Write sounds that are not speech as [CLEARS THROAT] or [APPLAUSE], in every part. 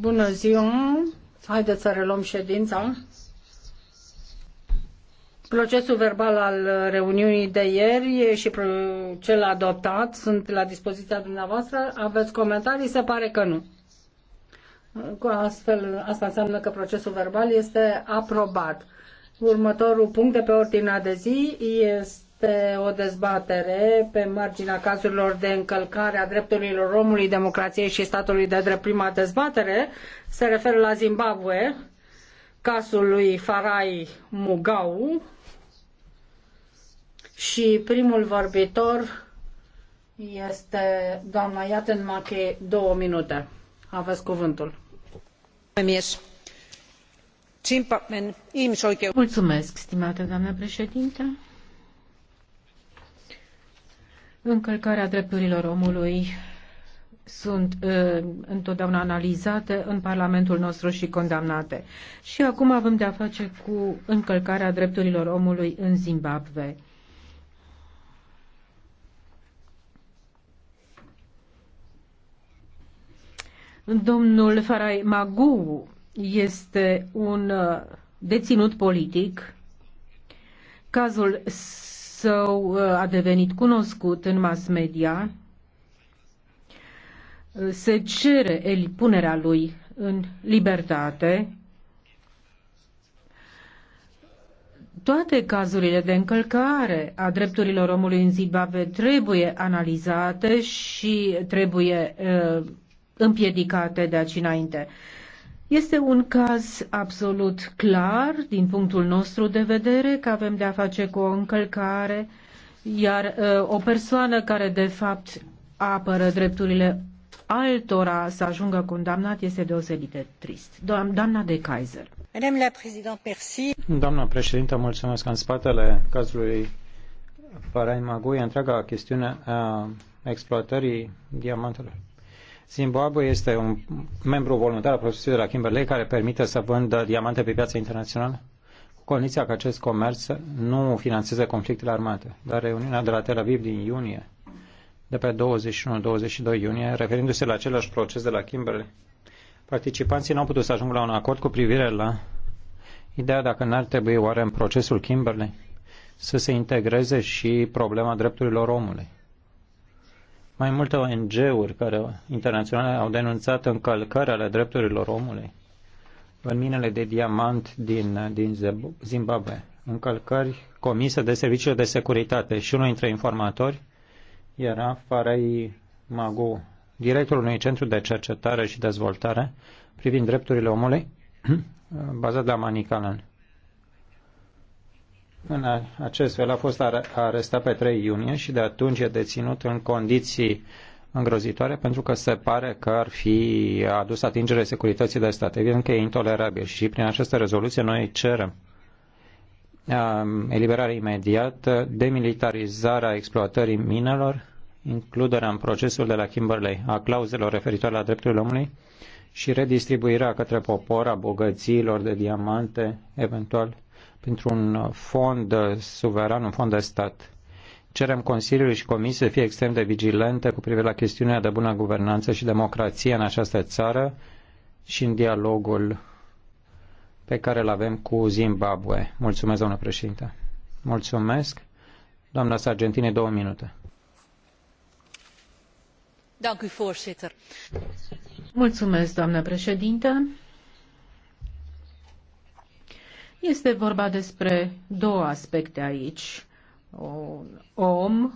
Bună ziua! Haideți să reluăm ședința. Procesul verbal al reuniunii de ieri și cel adoptat sunt la dispoziția dumneavoastră. Aveți comentarii? Se pare că nu. Cu astfel, asta înseamnă că procesul verbal este aprobat. Următorul punct de pe ordinea de zi este este o dezbatere pe marginea cazurilor de încălcare a drepturilor omului, democrației și statului de drept. Prima dezbatere se referă la Zimbabwe, cazul lui Farai Mugau și primul vorbitor este doamna Iaten Mache, două minute. Aveți cuvântul. Mulțumesc, stimată doamnă președinte. Încălcarea drepturilor omului sunt uh, întotdeauna analizate în Parlamentul nostru și condamnate. Și acum avem de-a face cu încălcarea drepturilor omului în Zimbabwe. Domnul Farai Magu este un uh, deținut politic. Cazul său uh, a devenit cunoscut în mass media, uh, se cere punerea lui în libertate. Toate cazurile de încălcare a drepturilor omului în Zimbabwe trebuie analizate și trebuie uh, împiedicate de aici înainte. Uh, este un caz absolut clar, din punctul nostru de vedere, că avem de a face cu o încălcare, iar uh, o persoană care de fapt apără drepturile altora să ajungă condamnat este deosebit de trist. Doamna de Kaiser. Doamna președintă, mulțumesc. În spatele cazului Farai Magui, întreaga chestiune a exploatării diamantelor Zimbabwe este un membru voluntar al procesului de la Kimberley care permite să vândă diamante pe piața internațională cu condiția că acest comerț nu finanțeze conflictele armate. Dar reuniunea de la Tel Aviv din iunie, de pe 21-22 iunie, referindu-se la același proces de la Kimberley, participanții nu au putut să ajungă la un acord cu privire la ideea dacă n-ar trebui oare în procesul Kimberley să se integreze și problema drepturilor omului. Mai multe ONG-uri care, internaționale au denunțat încălcarea ale drepturilor omului în minele de diamant din, din Zimbabwe, încălcări comise de serviciile de securitate și unul dintre informatori era Farai Magu, directorul unui centru de cercetare și dezvoltare privind drepturile omului, [CLEARS THROAT] bazat la Manicalan. În acest fel a fost arestat pe 3 iunie și de atunci e deținut în condiții îngrozitoare pentru că se pare că ar fi adus atingere securității de stat. Evident că e intolerabil și prin această rezoluție noi cerem eliberarea imediată, demilitarizarea exploatării minelor, includerea în procesul de la Kimberley a clauzelor referitoare la drepturile omului și redistribuirea către popor a bogățiilor de diamante, eventual pentru un fond suveran, un fond de stat. Cerem Consiliului și Comisiei să fie extrem de vigilente cu privire la chestiunea de bună guvernanță și democrație în această țară și în dialogul pe care îl avem cu Zimbabwe. Mulțumesc, doamnă președinte. Mulțumesc. Doamna Sargentine, două minute. Mulțumesc, doamnă președinte. Este vorba despre două aspecte aici. Un om,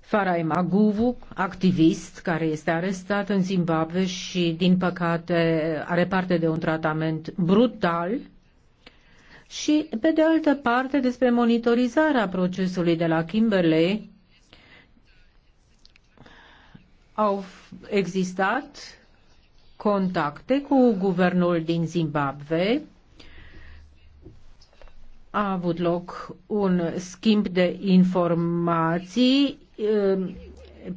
Farai Maguvu, activist care este arestat în Zimbabwe și, din păcate, are parte de un tratament brutal și, pe de altă parte, despre monitorizarea procesului de la Kimberley, au existat contacte cu guvernul din Zimbabwe a avut loc un schimb de informații ehm,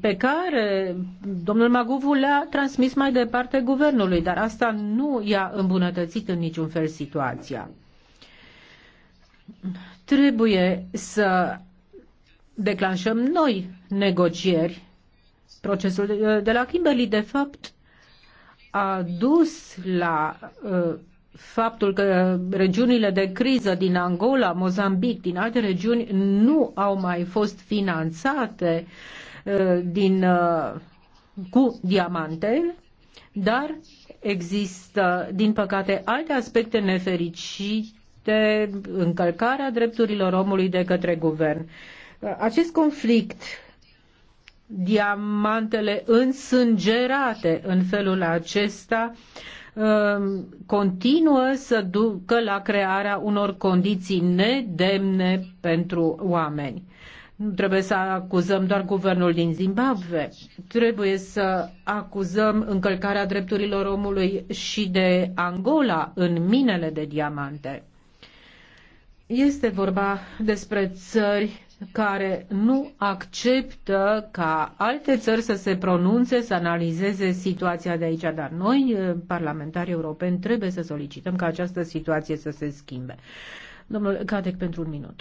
pe care domnul Maguvu le-a transmis mai departe guvernului, dar asta nu i-a îmbunătățit în niciun fel situația. Trebuie să declanșăm noi negocieri. Procesul de la Kimberley, de fapt, a dus la uh, faptul că regiunile de criză din Angola, Mozambic, din alte regiuni nu au mai fost finanțate uh, din, uh, cu diamante, dar există, din păcate, alte aspecte nefericite, încălcarea drepturilor omului de către guvern. Uh, acest conflict diamantele însângerate în felul acesta uh, Um, continuă să ducă la crearea unor condiții nedemne pentru oameni. Nu trebuie să acuzăm doar guvernul din Zimbabwe, trebuie să acuzăm încălcarea drepturilor omului și de Angola în minele de diamante. Este vorba despre țări care nu acceptă ca alte țări să se pronunțe, să analizeze situația de aici, dar noi, eh, parlamentarii europeni, trebuie să solicităm ca această situație să se schimbe. Domnul Cadec, pentru un minut.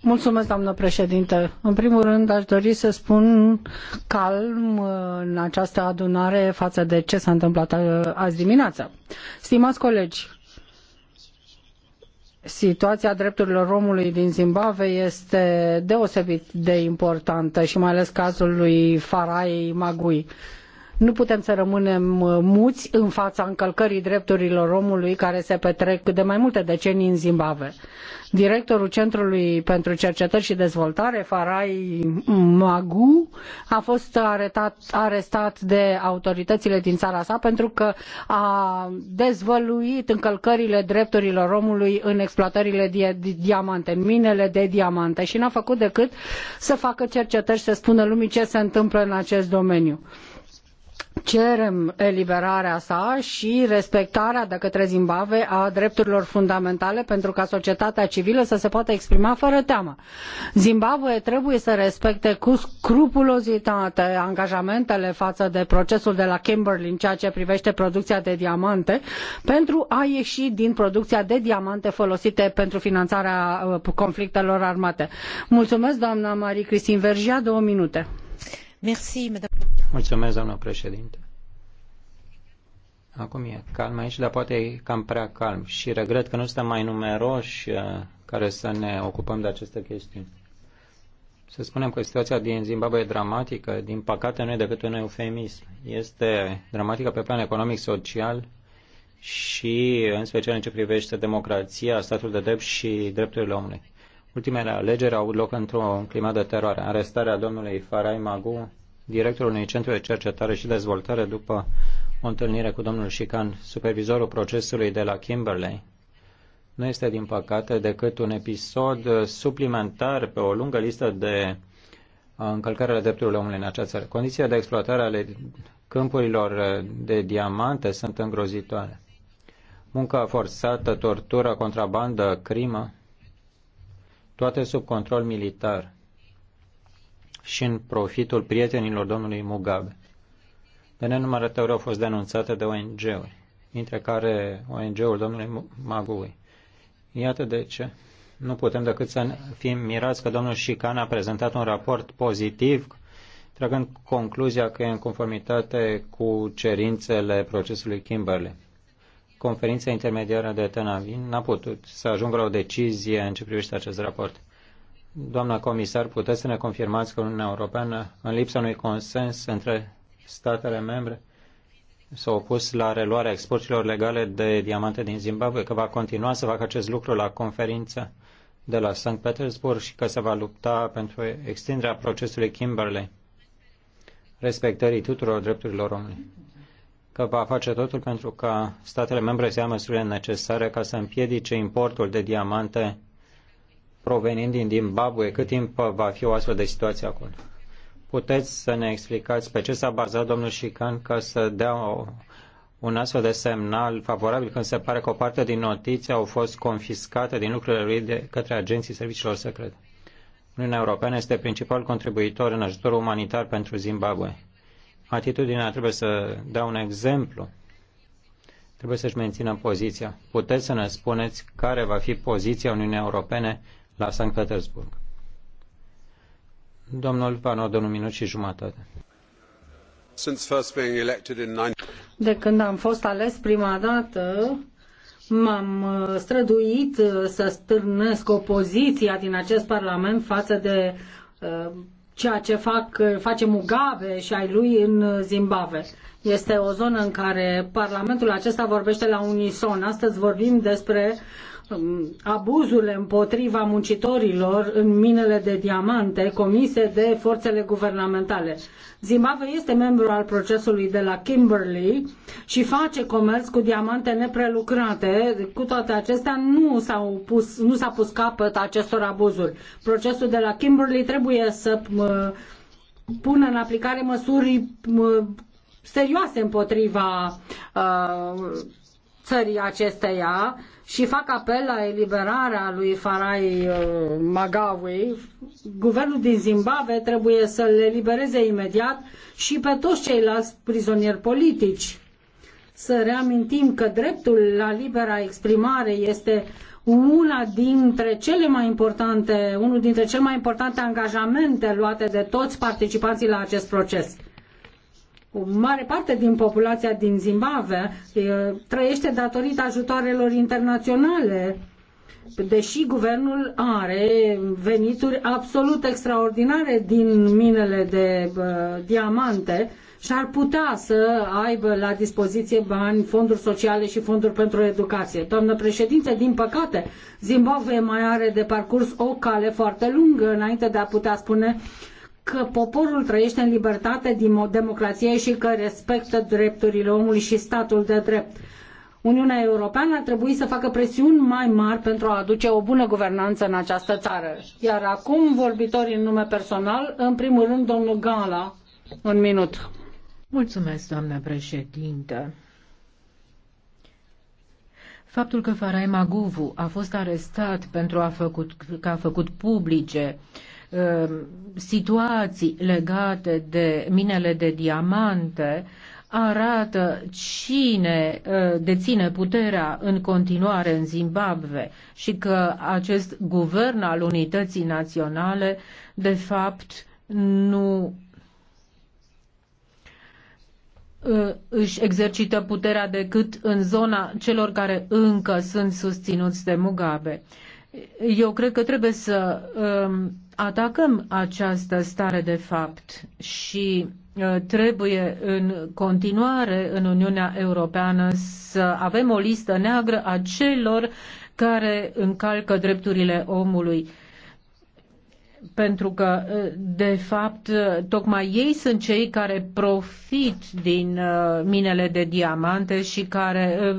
Mulțumesc, doamnă președinte. În primul rând, aș dori să spun calm eh, în această adunare față de ce s-a întâmplat eh, azi dimineața, Stimați colegi, Situația drepturilor omului din Zimbabwe este deosebit de importantă și mai ales cazul lui Farai Magui nu putem să rămânem uh, muți în fața încălcării drepturilor omului care se petrec de mai multe decenii în Zimbabwe. Directorul Centrului pentru Cercetări și Dezvoltare, Farai Magu, a fost aretat, arestat de autoritățile din țara sa pentru că a dezvăluit încălcările drepturilor omului în exploatările de diamante, în minele de diamante și n-a făcut decât să facă cercetări și să spună lumii ce se întâmplă în acest domeniu cerem eliberarea sa și respectarea de către Zimbabwe a drepturilor fundamentale pentru ca societatea civilă să se poată exprima fără teamă. Zimbabwe trebuie să respecte cu scrupulozitate angajamentele față de procesul de la Kimberley în ceea ce privește producția de diamante pentru a ieși din producția de diamante folosite pentru finanțarea uh, conflictelor armate. Mulțumesc, doamna Marie-Christine Vergia, două minute. Merci, Mulțumesc, doamnă președinte. Acum e calm aici, dar poate e cam prea calm și regret că nu suntem mai numeroși uh, care să ne ocupăm de aceste chestiuni. Să spunem că situația din Zimbabwe e dramatică, din păcate nu e decât un eufemism. Este dramatică pe plan economic, social și în special în ce privește democrația, statul de drept și drepturile omului. Ultimele alegeri au avut loc într-un climat de teroare. Arestarea domnului Farai Magu directorul unui centru de cercetare și dezvoltare după o întâlnire cu domnul Șican, supervizorul procesului de la Kimberley, nu este, din păcate, decât un episod suplimentar pe o lungă listă de uh, încălcare ale drepturilor omului în această țară. Condițiile de exploatare ale câmpurilor uh, de diamante sunt îngrozitoare. Muncă forțată, tortură, contrabandă, crimă, toate sub control militar și în profitul prietenilor domnului Mugabe. De nenumărate ori au fost denunțate de ONG-uri, între care ONG-ul domnului Magui. Iată de ce nu putem decât să fim mirați că domnul Șican a prezentat un raport pozitiv, tragând concluzia că e în conformitate cu cerințele procesului Kimberley. Conferința intermediară de Tenavin n-a putut să ajungă la o decizie în ce privește acest raport. Doamna comisar, puteți să ne confirmați că Uniunea Europeană, în lipsa unui consens între statele membre, s-a opus la reluarea exporturilor legale de diamante din Zimbabwe, că va continua să facă acest lucru la conferința de la St. Petersburg și că se va lupta pentru extinderea procesului Kimberley, respectării tuturor drepturilor omului, că va face totul pentru ca statele membre să ia măsurile necesare ca să împiedice importul de diamante provenind din Zimbabwe, cât timp va fi o astfel de situație acolo? Puteți să ne explicați pe ce s-a bazat domnul Șican ca să dea o, un astfel de semnal favorabil când se pare că o parte din notițe au fost confiscate din lucrurile lui de către agenții serviciilor secrete. Uniunea Europeană este principal contribuitor în ajutorul umanitar pentru Zimbabwe. Atitudinea trebuie să dea un exemplu. Trebuie să-și mențină poziția. Puteți să ne spuneți care va fi poziția Uniunii Europene la Sankt Petersburg. Domnul de un minut și jumătate. De când am fost ales prima dată, m-am uh, străduit uh, să stârnesc opoziția din acest parlament față de uh, ceea ce fac, uh, face Mugabe și ai lui în Zimbabwe. Este o zonă în care Parlamentul acesta vorbește la unison. Astăzi vorbim despre Um, abuzurile împotriva muncitorilor în minele de diamante comise de forțele guvernamentale. Zimbabwe este membru al procesului de la Kimberley și face comerț cu diamante neprelucrate. Cu toate acestea, nu, s-au pus, nu s-a pus capăt acestor abuzuri. Procesul de la Kimberley trebuie să uh, pună în aplicare măsuri uh, serioase împotriva uh, țării acesteia și fac apel la eliberarea lui Farai uh, Magawi, guvernul din Zimbabwe trebuie să le elibereze imediat și pe toți ceilalți prizonieri politici. Să reamintim că dreptul la libera exprimare este una dintre cele mai importante, unul dintre cele mai importante angajamente luate de toți participanții la acest proces o mare parte din populația din Zimbabwe trăiește datorită ajutoarelor internaționale, deși guvernul are venituri absolut extraordinare din minele de uh, diamante și ar putea să aibă la dispoziție bani, fonduri sociale și fonduri pentru educație. Doamnă președinte, din păcate, Zimbabwe mai are de parcurs o cale foarte lungă înainte de a putea spune uh, că poporul trăiește în libertate, democrație și că respectă drepturile omului și statul de drept. Uniunea Europeană ar trebui să facă presiuni mai mari pentru a aduce o bună guvernanță în această țară. Iar acum, vorbitorii în nume personal, în primul rând, domnul Gala, un minut. Mulțumesc, doamnă președintă. Faptul că Farai Maguvu a fost arestat pentru a făcut, că a făcut publice uh, Um, situații legate de minele de diamante arată cine uh, deține puterea în continuare în Zimbabwe și că acest guvern al unității naționale de fapt nu uh, își exercită puterea decât în zona celor care încă sunt susținuți de Mugabe. Eu cred că trebuie să um, atacăm această stare de fapt și uh, trebuie în continuare în Uniunea Europeană să avem o listă neagră a celor care încalcă drepturile omului pentru că, uh, de fapt, uh, tocmai ei sunt cei care profit din minele de diamante și care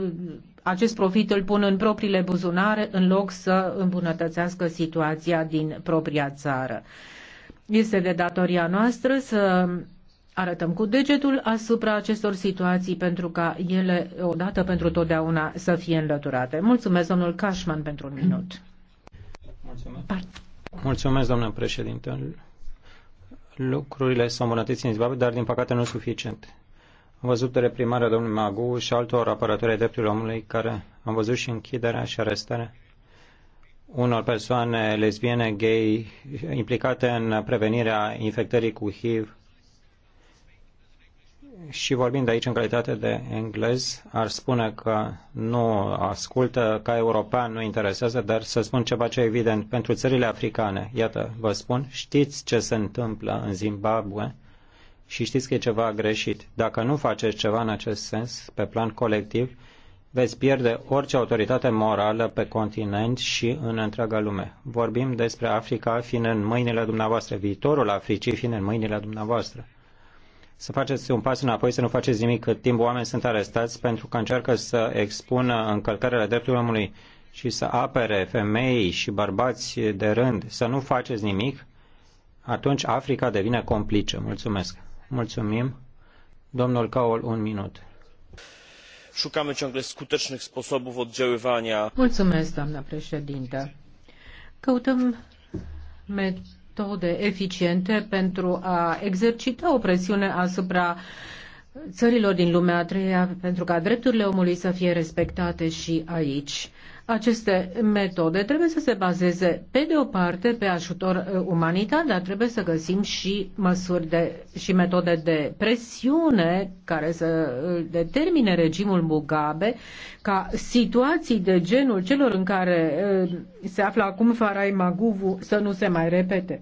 acest profit îl pun în propriile buzunare în loc să îmbunătățească situația din propria țară. Este de datoria noastră să arătăm cu degetul asupra acestor situații pentru ca ele, odată pentru totdeauna, să fie înlăturate. Mulțumesc, domnul Cashman, pentru un minut. Mulțumesc. Mulțumesc, domnule președinte. Lucrurile s-au îmbunătățit în Zimbabwe, dar din păcate nu suficient. Am văzut de reprimarea domnului Magu și altor apărători ai drepturilor omului care am văzut și închiderea și arestarea unor persoane lesbiene, gay, implicate în prevenirea infectării cu HIV. Și vorbind aici în calitate de englez, ar spune că nu ascultă, ca european nu interesează, dar să spun ceva ce e evident pentru țările africane. Iată, vă spun, știți ce se întâmplă în Zimbabwe, și știți că e ceva greșit. Dacă nu faceți ceva în acest sens, pe plan colectiv, veți pierde orice autoritate morală pe continent și în întreaga lume. Vorbim despre Africa fiind în mâinile dumneavoastră, viitorul Africii fiind în mâinile dumneavoastră. Să faceți un pas înapoi, să nu faceți nimic cât timp oameni sunt arestați pentru că încearcă să expună încălcările drepturilor omului și să apere femei și bărbați de rând, să nu faceți nimic, atunci Africa devine complice. Mulțumesc! Mulțumim. Domnul Kaul, un minut. Szukamy ciągle skutecznych sposobów oddziaływania. Mulțumesc, doamna președintă. Căutăm metode eficiente pentru a exercita o presiune asupra țărilor din lumea a treia pentru ca drepturile omului să fie respectate și aici. Aceste metode trebuie să se bazeze, pe de o parte, pe ajutor uh, umanitar, dar trebuie să găsim și măsuri de, și metode de presiune care să uh, determine regimul Mugabe ca situații de genul celor în care uh, se află acum Farai Maguvu să nu se mai repete.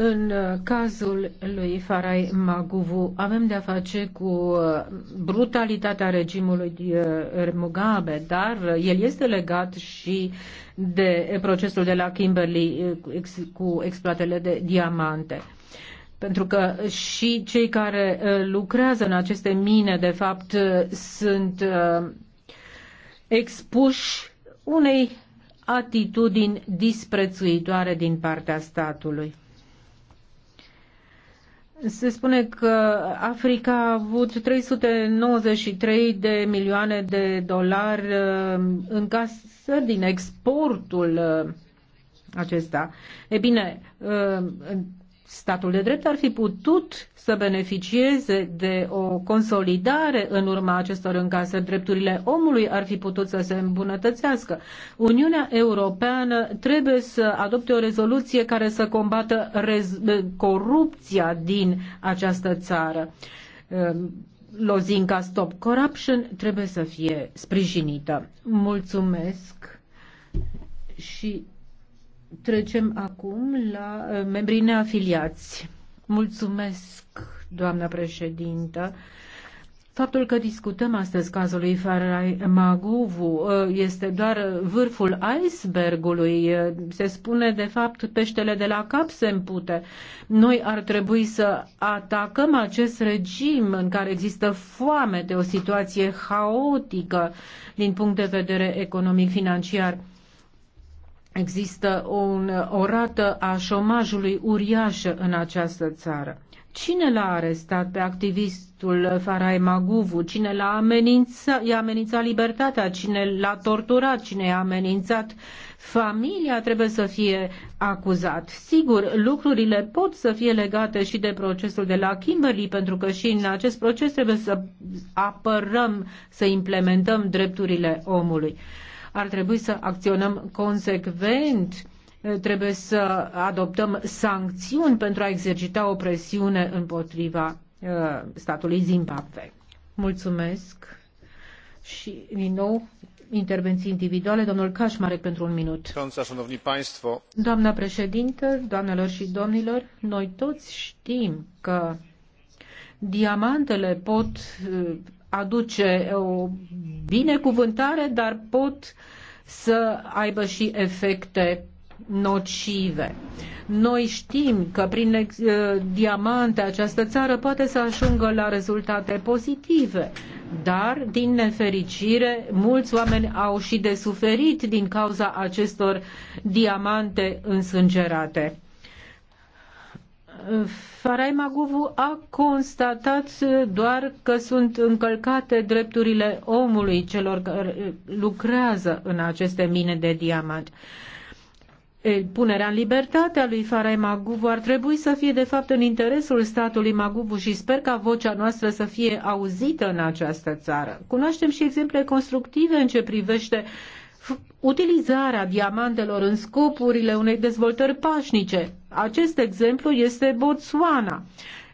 În uh, cazul lui Farai Maguvu avem de-a face cu uh, brutalitatea regimului uh, Mugabe, dar el este legat și de procesul de la Kimberley cu exploatele de diamante pentru că și cei care lucrează în aceste mine, de fapt, sunt expuși unei atitudini disprețuitoare din partea statului. Se spune că Africa a avut 393 de milioane de dolari uh, în casă din exportul uh, acesta. E bine, uh, statul de drept ar fi putut să beneficieze de o consolidare în urma acestor încasări. Drepturile omului ar fi putut să se îmbunătățească. Uniunea Europeană trebuie să adopte o rezoluție care să combată corupția din această țară. Ehm, lozinca Stop Corruption trebuie să fie sprijinită. Mulțumesc și Trecem acum la eh, membrii neafiliați. Mulțumesc, doamna președintă. Faptul că discutăm astăzi cazul lui Farai Maguvu eh, este doar vârful icebergului. Eh, se spune, de fapt, peștele de la cap se împute. Noi ar trebui să atacăm acest regim în care există foame de o situație haotică din punct de vedere economic-financiar. Există o, o rată a șomajului uriașă în această țară. Cine l-a arestat pe activistul Farai Maguvu? Cine l-a amenințat, i-a amenințat libertatea? Cine l-a torturat? Cine i-a amenințat familia? Trebuie să fie acuzat. Sigur, lucrurile pot să fie legate și de procesul de la Kimberley, pentru că și în acest proces trebuie să apărăm, să implementăm drepturile omului ar trebui să acționăm consecvent, trebuie să adoptăm sancțiuni pentru a exercita o presiune împotriva uh, statului Zimbabwe. Mulțumesc și din nou intervenții individuale. Domnul Cașmarec pentru un minut. Doamna președintă, doamnelor și domnilor, noi toți știm că diamantele pot uh, aduce o binecuvântare, dar pot să aibă și efecte nocive. Noi știm că prin uh, diamante această țară poate să ajungă la rezultate pozitive, dar, din nefericire, mulți oameni au și de suferit din cauza acestor diamante însângerate. Faraimagovu a constatat doar că sunt încălcate drepturile omului celor care lucrează în aceste mine de diamant. Punerea în libertate a lui Farai Maguvu ar trebui să fie de fapt în interesul statului Maguvu și sper ca vocea noastră să fie auzită în această țară. Cunoaștem și exemple constructive în ce privește utilizarea diamantelor în scopurile unei dezvoltări pașnice, acest exemplu este Botswana.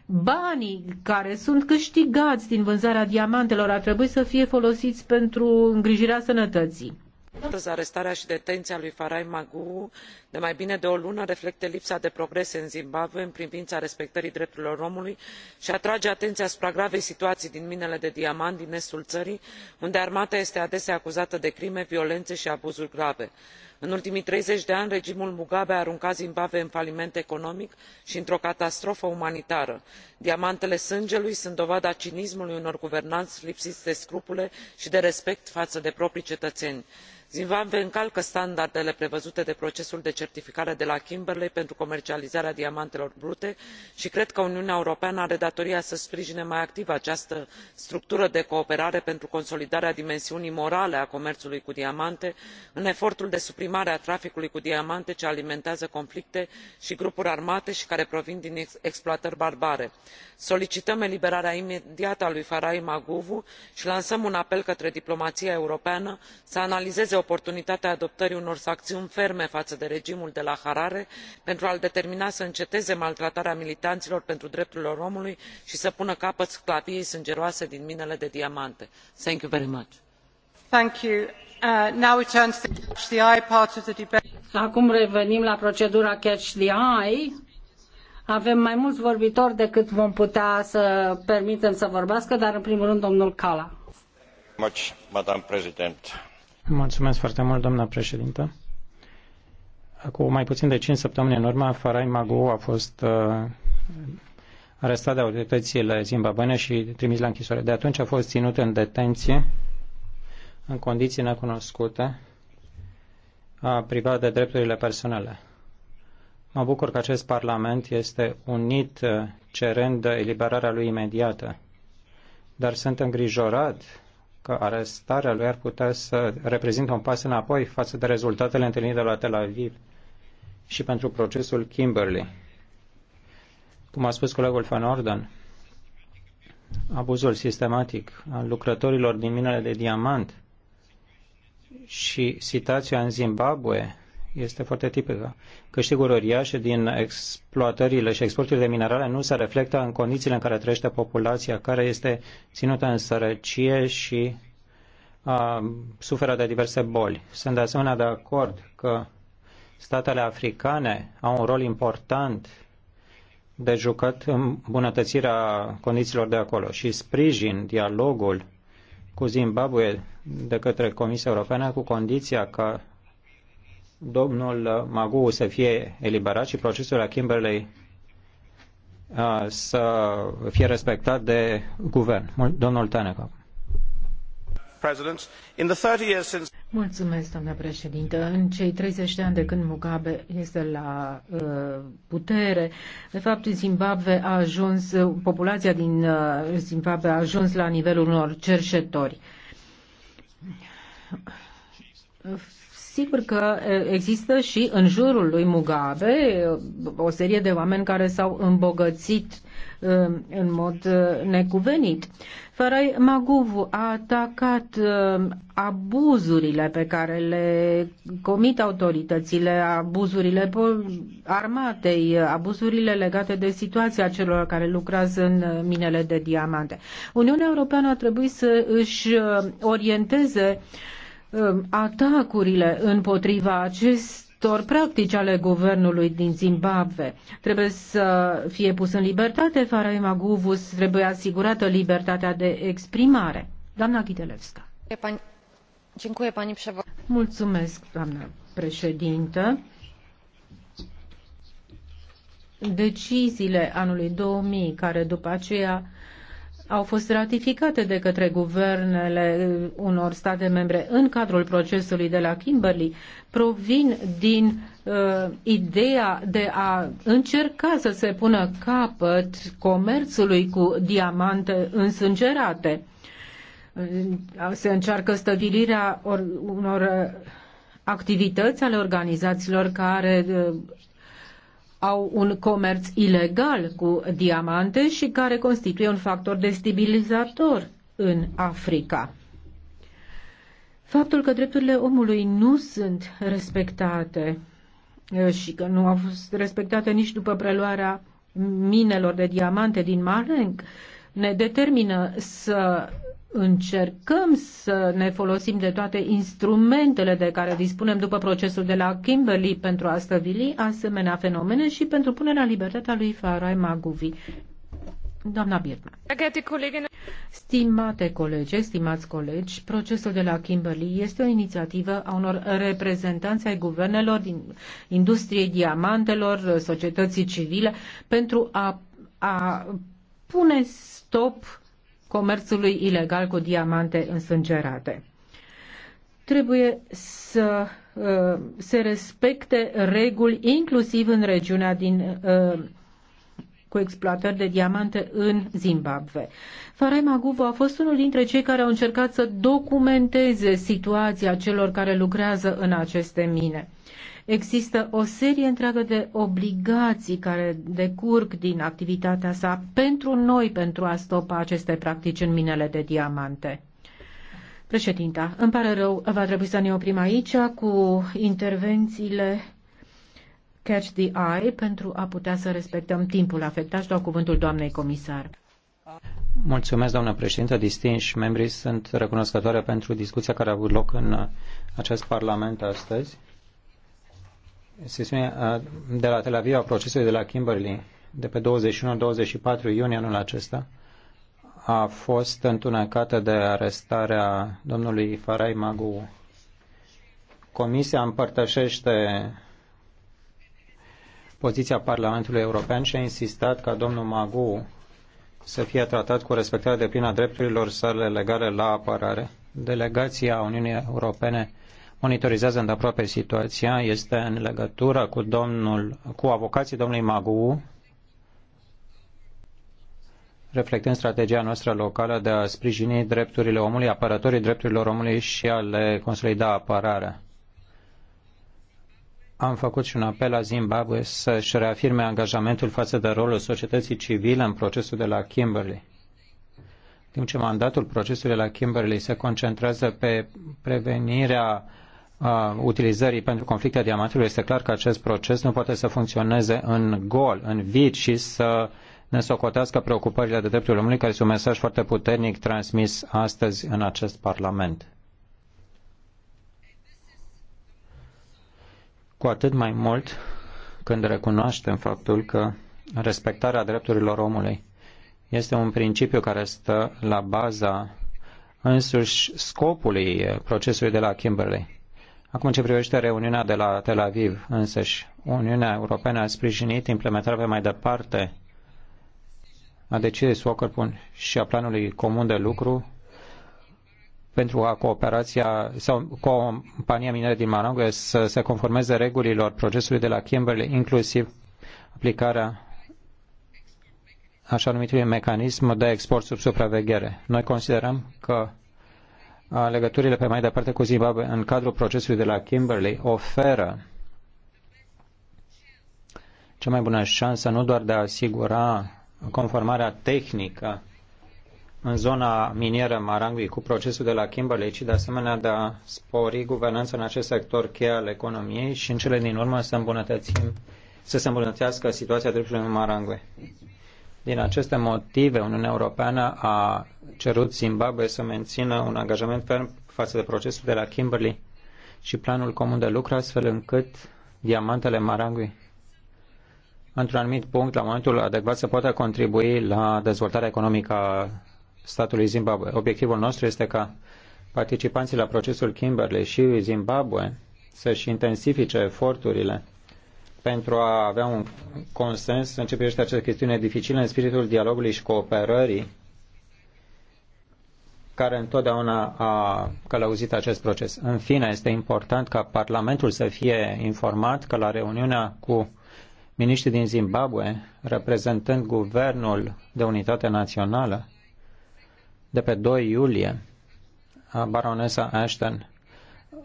Banii care sunt câștigați din vânzarea diamantelor ar trebui să fie folosiți pentru îngrijirea sănătății. Astăzi, arestarea și detenția lui Farai Magu de mai bine de o lună reflectă lipsa de progrese în Zimbabwe în privința respectării drepturilor omului și atrage atenția asupra gravei situații din minele de diamant din estul țării, unde armata este adesea acuzată de crime, violențe și abuzuri grave în ultimii treizeci de ani regimul mugabe a aruncat zimbabwe în faliment economic i într o catastrofă umanitară. diamantele sângelui sunt dovada cinismului unor guvernani lipsii de scrupule i de respect faă de proprii cetăeni. zimbabwe încalcă standardele prevăzute de procesul de certificare de la kimberley pentru comercializarea diamantelor brute i cred că uniunea europeană are datoria să sprijine mai activ această structură de cooperare pentru consolidarea dimensiunii morale a comerului cu diamante în efortul de mare a traficului cu diamante ce alimentează conflicte i grupuri armate i care provin din exploatări barbare. solicităm eliberarea imediată a lui farai maguwu i lansăm un apel către diplomaia europeană să analizeze oportunitatea adoptării unor sanciuni ferme faă de regimul de la harare pentru a l determina să înceteze maltratarea militanilor pentru drepturile omului i să pună capăt sclaviei sângeroase din minele de diamante. Acum revenim la procedura catch the eye. Avem mai mulți vorbitori decât vom putea să permitem să vorbească, dar în primul rând domnul Cala. Mulțumesc foarte mult, doamna președintă. Cu mai puțin de 5 săptămâni în urmă, Farai Magu a fost uh, arestat de autoritățile zimbabwene și trimis la închisoare. De atunci a fost ținut în detenție în condiții necunoscute, a privat de drepturile personale. Mă bucur că acest Parlament este unit uh, cerând eliberarea lui imediată, dar sunt îngrijorat că arestarea lui ar putea să reprezintă un pas înapoi față de rezultatele întâlnite la Tel Aviv și pentru procesul Kimberley. Cum a spus colegul Van Orden, abuzul sistematic al lucrătorilor din minele de diamant – și situația în Zimbabwe este foarte tipică. Câștiguri uriașe din exploatările și exporturile de minerale nu se reflectă în condițiile în care trăiește populația, care este ținută în sărăcie și a, suferă de diverse boli. Sunt de asemenea de acord că statele africane au un rol important de jucat în bunătățirea condițiilor de acolo și sprijin dialogul cu Zimbabwe de către Comisia Europeană cu condiția ca domnul Magu să fie eliberat și procesul la Kimberley uh, să fie respectat de guvern. Domnul Tanaka. President, in the 30 years since Mulțumesc, doamna președintă. În cei 30 de ani de când Mugabe este la uh, putere, de fapt, Zimbabwe a ajuns, populația din uh, Zimbabwe a ajuns la nivelul unor cerșetori. Sigur că uh, există și în jurul lui Mugabe uh, o serie de oameni care s-au îmbogățit uh, în mod uh, necuvenit. Farai Maguvu a atacat uh, abuzurile pe care le comit autoritățile, abuzurile armatei, abuzurile legate de situația celor care lucrează în uh, minele de diamante. Uniunea Europeană a trebuit să își orienteze atacurile împotriva acest factori practic ale guvernului din Zimbabwe. Trebuie să fie pus în libertate Farai Maguvus, trebuie asigurată libertatea de exprimare. Doamna Ghidelevska. Mulțumesc, doamna președintă. Deciziile anului 2000, care după aceea au fost ratificate de către guvernele unor state membre în cadrul procesului de la Kimberley provin din uh, ideea de a încerca să se pună capăt comerțului cu diamante însângerate. Uh, se încearcă stabilirea unor uh, activități ale organizațiilor care uh, au un comerț ilegal cu diamante și care constituie un factor destabilizator în Africa. Faptul că drepturile omului nu sunt respectate și că nu au fost respectate nici după preluarea minelor de diamante din Maleng ne determină să încercăm să ne folosim de toate instrumentele de care dispunem după procesul de la Kimberley pentru a stăvili asemenea fenomene și pentru punerea în libertatea lui Farai Maguvi. Doamna Birna. Stimate colegi, stimați colegi, procesul de la Kimberley este o inițiativă a unor reprezentanți ai guvernelor din industriei diamantelor, societății civile, pentru a, a pune stop comerțului ilegal cu diamante însângerate. Trebuie să uh, se respecte reguli inclusiv în regiunea din uh, cu exploatări de diamante în Zimbabwe. Farai Magubo a fost unul dintre cei care au încercat să documenteze situația celor care lucrează în aceste mine. Există o serie întreagă de obligații care decurg din activitatea sa pentru noi pentru a stopa aceste practici în minele de diamante. Președinta, îmi pare rău, va trebui să ne oprim aici cu intervențiile Catch the Eye pentru a putea să respectăm timpul afectat și dau cuvântul doamnei comisar. Mulțumesc, doamnă președintă, distinși membrii, sunt recunoscătoare pentru discuția care a avut loc în acest Parlament astăzi sesiunea de la Tel Aviv a procesului de la Kimberley de pe 21-24 iunie anul acesta a fost întunecată de arestarea domnului Farai Magu. Comisia împărtășește poziția Parlamentului European și a insistat ca domnul Magu să fie tratat cu respectarea de plină a drepturilor sale legale la apărare. Delegația Uniunii Europene monitorizează îndeaproape situația, este în legătură cu, domnul, cu avocații domnului Magu, reflectând strategia noastră locală de a sprijini drepturile omului, apărătorii drepturilor omului și a le consolida apărarea. Am făcut și un apel la Zimbabwe să-și reafirme angajamentul față de rolul societății civile în procesul de la Kimberley. Din ce mandatul procesului la Kimberley se concentrează pe prevenirea a utilizării pentru conflicte diamantului, este clar că acest proces nu poate să funcționeze în gol, în vid și să ne socotească preocupările de dreptul omului, care este un mesaj foarte puternic transmis astăzi în acest Parlament. Cu atât mai mult când recunoaștem faptul că respectarea drepturilor omului este un principiu care stă la baza însuși scopului procesului de la Kimberley. Acum ce privește reuniunea de la Tel Aviv însăși, Uniunea Europeană a sprijinit implementarea pe mai departe a deciziei Swockerpun și a planului comun de lucru pentru a cooperația sau compania minere din Managua să se conformeze regulilor procesului de la Kimberley, inclusiv aplicarea așa numitului mecanism de export sub supraveghere. Noi considerăm că legăturile pe mai departe cu Zimbabwe în cadrul procesului de la Kimberley oferă cea mai bună șansă nu doar de a asigura conformarea tehnică în zona minieră Marangui cu procesul de la Kimberley, ci de asemenea de a spori guvernanța în acest sector cheie al economiei și în cele din urmă să îmbunătățim să se îmbunătățească situația drepturilor în Marangui. Din aceste motive, Uniunea Europeană a cerut Zimbabwe să mențină un angajament ferm față de procesul de la Kimberley și planul comun de lucru, astfel încât diamantele Marangui într-un anumit punct, la momentul adecvat, să poată contribui la dezvoltarea economică a statului Zimbabwe. Obiectivul nostru este ca participanții la procesul Kimberley și Zimbabwe să-și intensifice eforturile pentru a avea un consens în ce privește această chestiune dificilă în spiritul dialogului și cooperării care întotdeauna a călăuzit acest proces. În fine, este important ca Parlamentul să fie informat că la reuniunea cu miniștrii din Zimbabwe, reprezentând Guvernul de Unitate Națională, de pe 2 iulie, baronesa Ashton,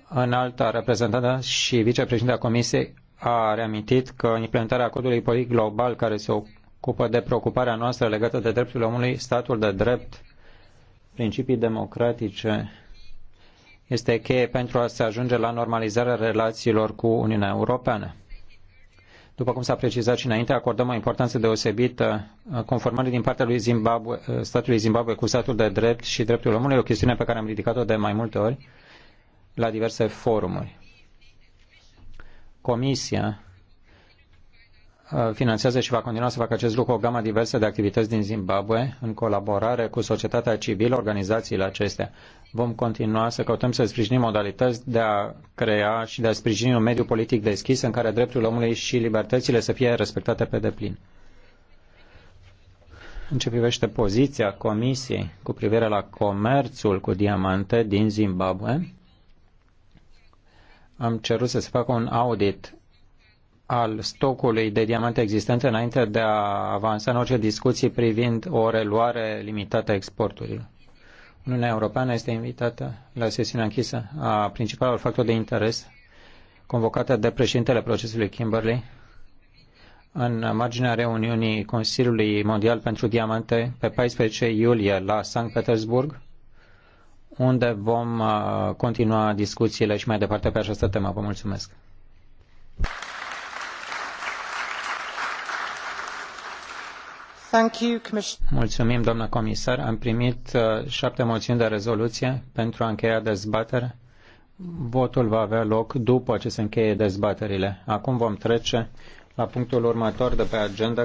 înalta reprezentantă și vicepreședinta Comisiei, a reamintit că implementarea acordului politic global care se ocupă de preocuparea noastră legată de drepturile omului, statul de drept, principii democratice, este cheie pentru a se ajunge la normalizarea relațiilor cu Uniunea Europeană. După cum s-a precizat și înainte, acordăm o importanță deosebită conformării din partea lui Zimbabwe, statului Zimbabwe cu statul de drept și dreptul omului, o chestiune pe care am ridicat-o de mai multe ori la diverse forumuri. Comisia uh, finanțează și va continua să facă acest lucru o gamă diversă de activități din Zimbabwe în colaborare cu societatea civilă, organizațiile acestea. Vom continua să căutăm să sprijinim modalități de a crea și de a sprijini un mediu politic deschis în care drepturile omului și libertățile să fie respectate pe deplin. În ce privește poziția Comisiei cu privire la comerțul cu diamante din Zimbabwe, am cerut să se facă un audit al stocului de diamante existente înainte de a avansa în orice discuții privind o reluare limitată a exporturilor. Uniunea Europeană este invitată la sesiunea închisă a principalului factor de interes convocată de președintele procesului Kimberley în marginea reuniunii Consiliului Mondial pentru Diamante pe 14 iulie la Sankt Petersburg unde vom uh, continua discuțiile și mai departe pe această temă. Vă mulțumesc! Mulțumim, doamnă comisar. Am primit uh, șapte moțiuni de rezoluție pentru a încheia dezbatere. Votul va avea loc după ce se încheie dezbaterile. Acum vom trece la punctul următor de pe agenda.